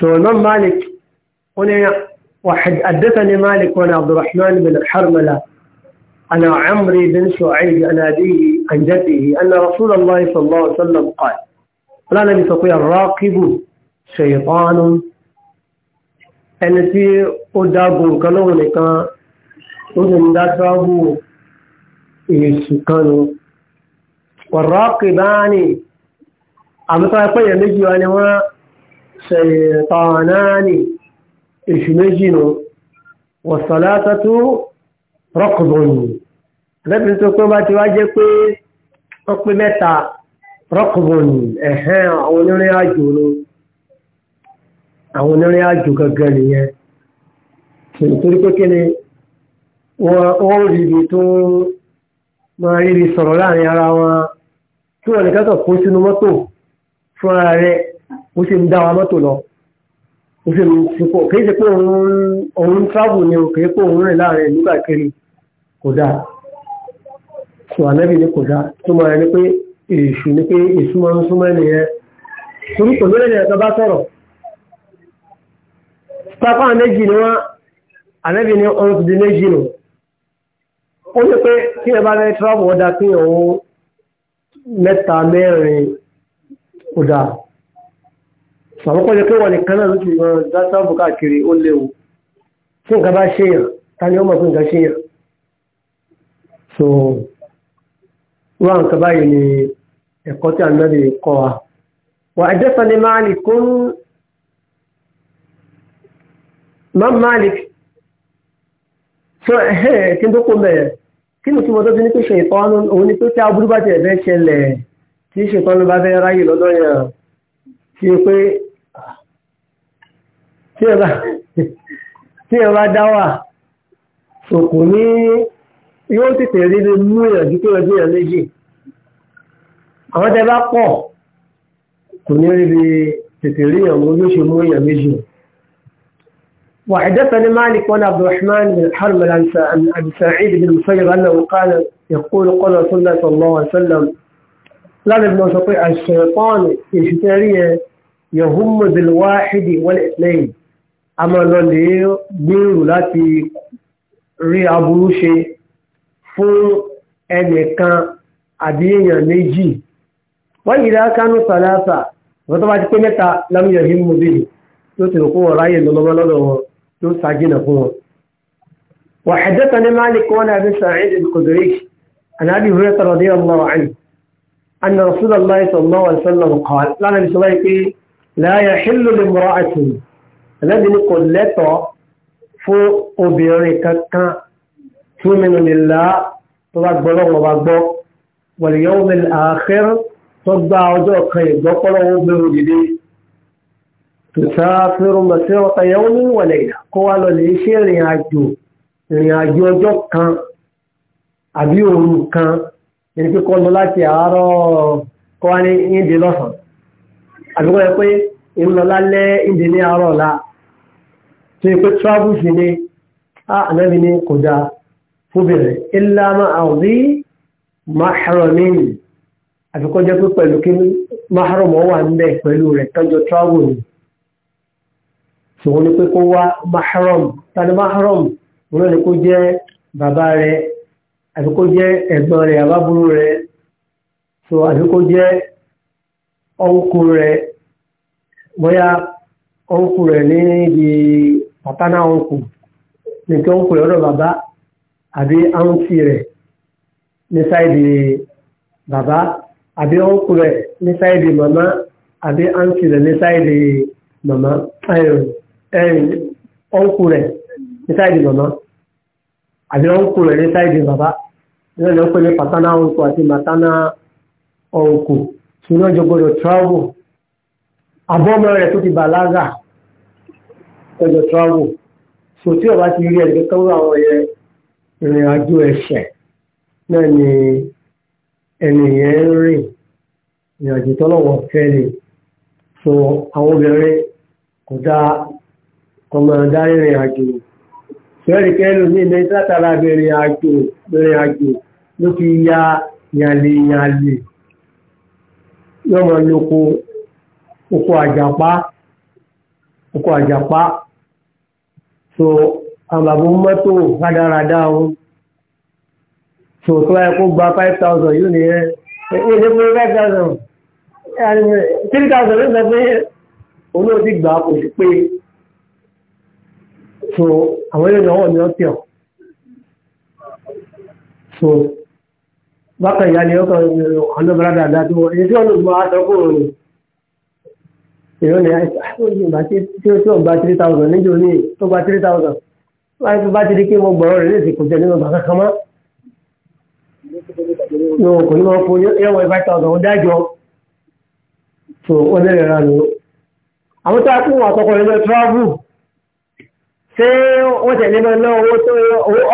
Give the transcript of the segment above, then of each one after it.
فالإمام مالك هنا واحد حدثني مالك وانا عبد الرحمن بن الحرملة أنا عمري بن سعيد أنا أديه عن جده أن رسول الله صلى الله عليه وسلم قال لا نبي تقول الراقب شيطان التي tí ó dágbo nǹkan lóhun والراقبان ó يقول ń dá tọ́bù ṣẹ̀tánání èṣù méjì nù wọ̀sọ̀látọ́tú rọ́kùnrin lẹ́bìn tó pé bá ti wá jẹ́ pé wọ́n pé mẹ́ta rọ́kùnrin ẹ̀hẹ́n àwọn onírin àjò ló àwọn onírin àjò gangan nìyẹn nítorí pé kí ni wọ́n rí ibi tó máa rí ibi sọ̀rọ̀ láàrin ara wọn tí wọ́n nìkan kan kó sínú mọ́tò fúnra rẹ̀ bó ṣe ń dá wa mọ́tò lọ bó ṣe ń fipọ̀ kì í ṣe pé òun ń travel ni o kì í pé òun rìn láàrin ìlú káàkiri kò dáa sọ ànábì ni kò dáa tó máa ní pé èṣù ni pé èṣù máa ń súnmọ́ ẹnìyẹn torí kò lórí ẹ̀ka bá sọ̀rọ̀ pápá méjì ni wọ́n ànábì ni ọ̀rọ̀ ti di méjì nù ó ní pé kí ẹ bá fẹ́ travel ọ̀dà kí òun mẹ́ta mẹ́rin kò dáa sàmọ́kọ́ jẹ́ pé wọ́n nìkan náà ló ti yan dásáàbù káàkiri ó léwu tí nǹkan bá ṣèyàn ta ni ó mọ̀ pé nǹkan ṣèyàn so wọ́n nǹkan báyìí ni ẹ̀kọ́ tí àná lè kọ́ wa wà á jẹ́fà ní máàlì kún máa máàlì so ẹ̀hẹ́ kí n tó kó mẹ́ẹ̀ kí ni túmọ̀ tó ti ní pé ṣe ìtọ́nù òun ni pé tí aburú bá ti ẹ̀fẹ́ ṣẹlẹ̀ tí ṣètọ́nù bá fẹ́ ráyè lọ́dọ̀ yẹn kí pé tí ẹ bá dá wà sòkò ní yóò tètè rí lè mú ìrànjú tó ẹgbẹ́ yẹn méjì àwọn tẹ bá pọ̀ kò ní rí lè tètè rí ìyàn mú lóṣù mú ìyàn méjì وحدثني مالك بن عبد الرحمن بن حرمل عن ابي سعيد بن المسيب انه قال يقول قال رسول الله صلى الله عليه وسلم لا نستطيع الشيطان يشتري يهم بالواحد والاثنين a máa lọ lè gbèrò láti rí aburú ṣe fún ẹnìkan àbí èèyàn méjì wọ́n yìí dá kánú sàlásà wọ́n tó bá ti pé mẹ́ta lámúyẹ̀ yìí mú bíi tó ti rò kó ráyè lọ́lọ́mọ́ lọ́dọ̀ wọn tó ṣàjìnà fún wọn. وحدثني مالك وانا بن سعيد الخدري عن ابي هريره رضي الله عنه ان رسول الله صلى الله عليه وسلم قال لا نبي لا يحل لامراه ànábì ní kò lẹ́tọ̀ọ́ fún obìnrin kankan tí mẹ́nu lè la tó bá gbọ́ lọ́wọ́ bá gbọ́ wal yawmil akhir tó gba ọjọ́ kan ìgbọ́pọ́lọ́wọ́ bẹ̀rù dìde tùsáfẹ́rù masirata yawmin wa layla kó wá lọ lè ṣe ìrìn àjò ìrìn àjò ọjọ́ kan àbí òru kan ẹni pé kọ́ lọ láti àárọ̀ kọ́ wá ní ìdí lọ́sàn-án àbíkọ́ yẹ pé ìmọ̀lálẹ́ ìdí ní àárọ̀ la tó yẹ pé travel fi ní ànábi ní kò dáa fúbẹ̀rẹ̀ ilá máa mahramin àfikọ́ jẹ́ pé pẹ̀lú kí mahram wà ń pẹ̀lú rẹ̀ tani mahram wọn ni kó jẹ́ bàbá rẹ̀ jẹ́ ẹ̀gbọ́n rẹ̀ so jẹ́ ọ̀nkù rẹ̀ bóyá ọ̀nkù rẹ̀ bàbá náà ń kù nìkan ń kù lọ́dọ̀ bàbá àbí áńtì rẹ̀ ní sáìdì bàbá àbí áńkù rẹ̀ ní sáìdì màmá àbí áńtì rẹ̀ ní sáìdì màmá áńkù rẹ̀ ní sáìdì màmá àbí áńkù rẹ̀ ní sáìdì bàbá nígbà tí wọ́n pè ní patana áńkù àti matana áńkù tí wọ́n jọ gbọ́dọ̀ travel àbọ́mọ rẹ̀ tó ti bàlágà ẹjọ́ travel so tí ọba ti rí ẹgbẹ́ tó wà àwọn yẹn ìrìn àjò ẹ̀ṣẹ̀ náà ni ẹni ń rìn ìrìn àjò tọ́lọ́wọ́ fẹ́ ni so àwọn obìnrin kò dáa kò máa dá ìrìn àjò fẹ́ẹ̀rì kẹ́lù ní ilé látara ìrìn àjò ìrìn àjò ló fi ya yàlè yàlè yọmọ lóko oko àjàpá oko àjàpá so àwọn bàbá mọ́tò rádaràdá wọn so tó wáyé kó gba five thousand yóò ní ẹ ẹ ẹ fún five thousand three thousand ló sọ pé òun gbà kò sí pé so àwọn ilé ìnáwó ni wọ́n tẹ̀ ọ́ so bákan ìyá ni ọkọ̀ ọ̀nà bàrádàdà tó wọ́n èyí tí wọ́n lò mọ́ aṣọ èèyàn ní àìsàn ah, ìgbà tí ó gba three thousand níjó ní tó gba three thousand láì tó bá ti di pé mo gbọ̀rọ̀ rẹ̀ lè ti kò jẹ́ nínú bàbá kan mọ́. yóò kò ní wọn fún yóò wọ five thousand ó dájọ́ tó ó lè rẹ̀ ránú. àwọn tó a fún wọn àtọkọ nínú travel ṣé wọ́n tẹ̀lé náà ná owó tó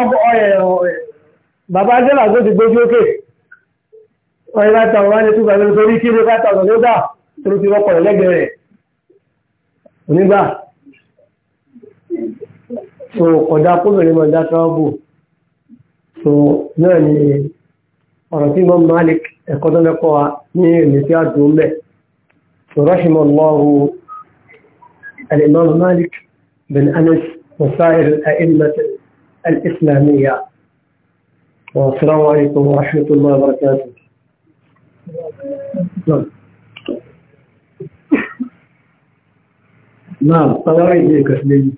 ọgbọ́ ọ̀rẹ́ bàbá adéla tó ti gbójú òkè wọ́n yẹ five thousand wọ́n á ní two onígbà so kọjá kúrò ní mọ̀já tọ́ọ̀bù so náà ni ọ̀rọ̀ tí wọ́n máa lè ẹ̀kọ́ tó mẹ́kọ́ tọ́ọ̀bù so náà ni ọ̀rọ̀ tí won maa le ẹ̀kọ́ tó mẹ́kọ́ wa ní èmi tí a dùn be so rosimo allahu al Malik bin Anas wasair al-a'immat wa assalamu alaikum wa rahmatullahi wa barakatuh náà tàwárà ìdí ìkàsílẹ̀ yìí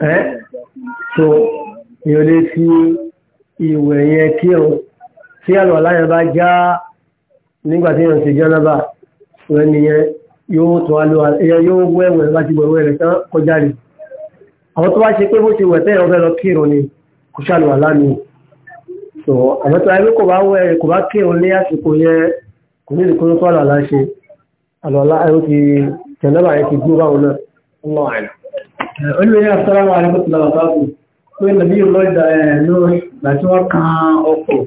ẹ́ so èyàn lè fi ìwẹ̀ yẹn kí ọ tí àlọ́ aláyẹ̀ bá já nígbàtí èyàn ti jánábà rẹ̀ nìyẹn yóò tún alówà èyàn yóò wẹ́wẹ̀ láti gbọ̀wẹ́ rẹ̀ tán kọjá rẹ̀ àwọn tó wá ṣe pé bó ti wẹ̀ tẹ́yọ̀ fẹ́ lọ kírun ni kò ṣàlùwà lánìí so àwọn tó wá ẹgbẹ́ kò bá wẹ̀ kò bá kírun ní àsìkò yẹ kò ní ìdíkúrú tó àlọ́ aláṣẹ àlọ́ aláṣẹ ti jẹ̀nẹ́bà yẹn ti gbó báwọn náà ńlọ àìlọ́. olùyẹ asọ́lámù alákòtò làwọn bá bù pé nàbí ìlọ ìdá ẹ̀ lórí ìgbà wọ́n kan ọkọ̀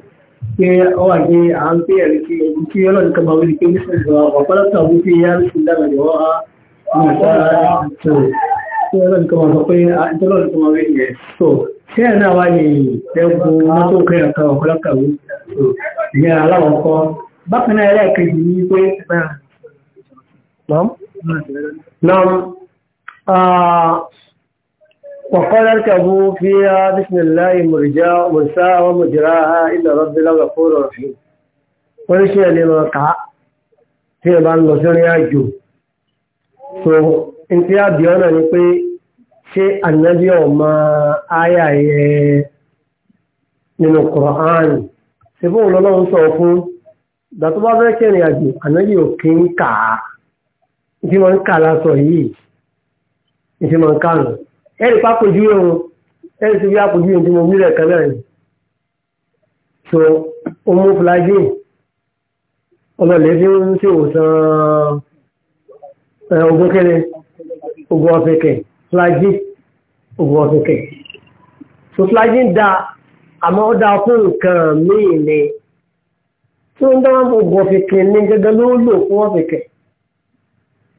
pé ó wà ní à ń pè ẹ̀rí kí kí ọlọ́run tí ọlọ́run kan máa sọ pé ìtọ́lọ́run ah, kan máa rí ìyẹn so ṣé ẹ̀ náà wá ní ẹgbù mọ́tò kẹrin kan ọ̀pọ̀lọpọ̀ ìyẹn aláwọ̀kọ́ bákan náà ẹlẹ́ẹ̀kejì ah, ah, ní pé وقال اركبوا "Fi بسم الله مرجا مرسا ومجراها إلا رب الله غفور رحيم ونشي لما قع في بعض المسؤوليات جو ntí àbí ọ̀nà ni pé ṣé ànábì ọmọ àyà yẹ nínú Qur'an ṣe fún ọlọ́run sọ fún dàtọ́ bá fẹ́ kẹrin àjò ànábì ò kí ń kà á ìṣe máa ń kà lásọ yìí ìṣe máa ń kà nù ẹ̀rì pápójú ẹ̀hún ẹ̀rì síbi àpójú ẹ̀hún tí mo mílẹ̀ kan náà ni so omoflagin ọlọ́lẹ̀ fi ń ṣèwòsàn ọgbọ́n kẹrin ògùn ọ̀sẹ̀ kẹ̀ flagin ògùn ọ̀sẹ̀ kẹ̀ so flagin da àmọ́ ó da fún nǹkan míì ni tí wọ́n dáwọn ògùn ọ̀sẹ̀ kẹ̀ ní gẹ́gẹ́ ló ń lò fún ọ̀sẹ̀ kẹ̀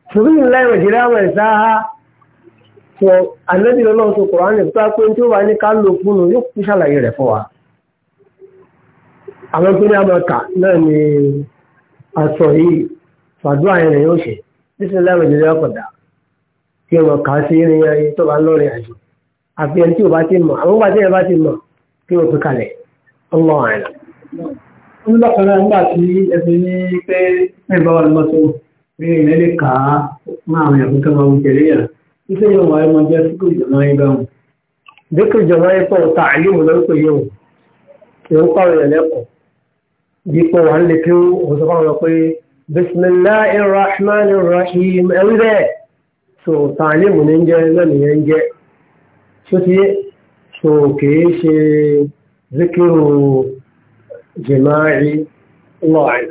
torí ńlá ìrìnàjò àwọn ẹ̀sà á sọ ànábì ọlọ́run tó kọ̀rọ̀ ánì tó pé tí ó wà ní ká lò fún un yóò kú ṣàlàyé rẹ̀ fún wa àwọn tó ní amọ̀ta náà ni aṣọ yìí fàdúrà yẹn yóò ṣe bí sinimá ìrìnàjò ọkọ̀ dáa tí wọ́n kà á sí ní ẹyin tó bá lọ́rin àjò àfi ẹni tí ò bá ti mọ̀ àwọn bá tí ẹ bá ti mọ̀ kí wọ́n fi kalẹ̀ ọmọ àìlà. wọ́n bá kan nígbà tí ẹ fi ní pé ẹ bá wà lọ́mọ tó ní ilẹ̀ lè kà á máa àwọn ẹ̀kọ́ tó máa ń jẹ̀lé yà títí yóò wáyé máa jẹ́ síkú ìjọba yín bá wọn. díkù ìjọba yín pọ̀ ta àlíwò lórúkọ yìí o kì ń pààrọ̀ yẹn lẹ́kọ̀ọ́ dípò wà ń lè kí òun sọ fáwọn pé so tààlímù ní jẹ́ lẹ́nìyẹ ń jẹ́ tó ti so kìí ṣe zikiru jima'i lọ́ọ̀ì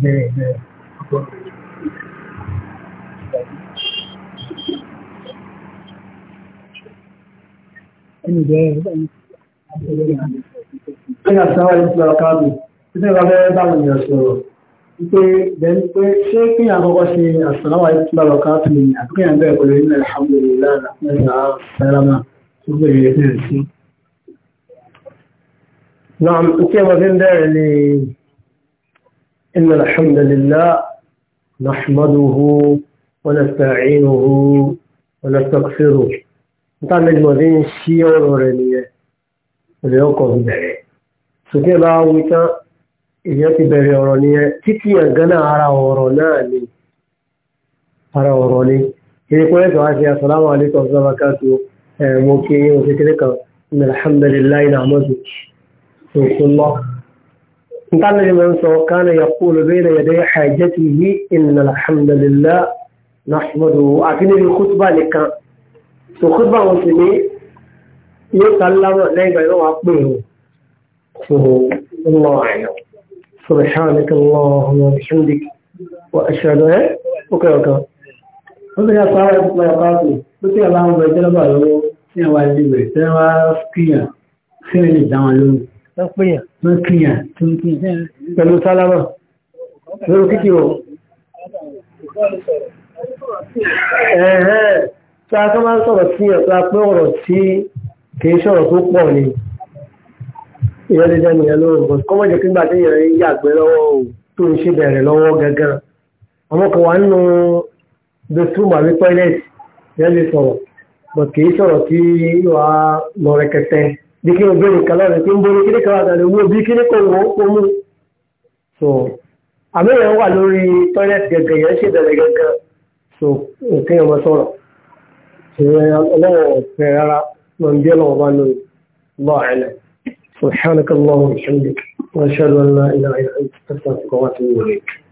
bẹ́ẹ̀ bẹ́ẹ̀ Any day, any day. ní àtàwà ìsìlẹ̀ ọ̀káàbì títí ìwà bẹ́ẹ̀ báwọn ènìyàn sọ̀rọ̀ wípé bẹ́ẹ̀ pé ṣé kí ni àkọ́kọ́ ṣe àsàlàwà ìsìlẹ̀ ọ̀káàbì ni àbíkẹ́yàn bẹ́ẹ̀ pẹ̀lú ilẹ̀ alhamdulillah mẹ́ta sálámà tó bẹ̀rẹ̀ ẹ̀sẹ̀ sí. نعم كيف بندر إن الحمد لله نحمده ونستعينه ونستغفره. Nta mẹ́jọ ní ṣí ọ̀rọ̀ rẹ̀ nìyẹn, ìrẹ́ ọkọ̀ ń bẹ̀rẹ̀. sókè bá wí tán èèyàn ti bẹ̀rẹ̀ ọ̀rọ̀ nìyẹn títí ẹ̀gán náà ara ọ̀rọ̀ náà ni ara ọ̀rọ̀ ni ilé pẹ́lẹ́ tó wá sí asàlámù alaykum ọ̀sán bàkà tó mo kí yín oṣù kékeré kan ní alhamdulilayi náà mọ́tò tuntun lọ. nǹkan lè máa ń sọ kánà yaqulu bayna yaday hajatihi inna alhamdulillah nahmadu àti níbi kútùbà nìkan. tó wọn sì ní yóò الله أعلم سبحانك اللهم وبحمدك وأشهد أن أوكي أوكي wọ́n tẹ́lá pàwọ́ ẹ̀kùnpá ẹ̀kọ́kù tó tí àbá ọmọ ìjọba lọ́wọ́ tí àwà ìlúwẹ̀ tí wá kíyàn sí ẹni ìdáwọn lóhùn tó kíyàn tó kíyàn pẹ̀lú sálábà lórí kíkì o ẹ̀ẹ́ tó a tó máa ń sọ̀rọ̀ sí ọ̀pá pé ọ̀rọ̀ tí kìí sọ̀rọ̀ tó pọ̀ ni ìyẹn lè dẹ́nu yẹn lóhùn bọ̀ kọ́mọ̀ jẹ́ kígbà tí yẹn yàgbẹ́ lọ́wọ́ o tó ń ṣe bẹ̀rẹ̀ lọ́wọ́ gẹ́gẹ́ ọmọ kan wà nínú bathroom àbí toilet yẹn lè sọ̀rọ̀ bọ̀ kì í sọ̀rọ̀ tí wà lọ rẹ̀kẹ̀tẹ̀ bí kí n bẹ̀rẹ̀ kan lọ́rẹ̀ tí ń borí kíní kan àtàlẹ̀ owó bí kíní kan wọ́n kó mú so àmì yẹn wà lórí toilet gẹ́gẹ́ yẹn ṣe bẹ̀rẹ̀ gẹ́gẹ́ so nǹkan yẹn mọ sọ̀rọ̀ ṣe ọlọ́wọ̀ fẹ́ rárá mọ̀ ń سبحانك اللهم وبحمدك وأشهد أن لا إله إلا أنت أستغفرك وأتوب إليك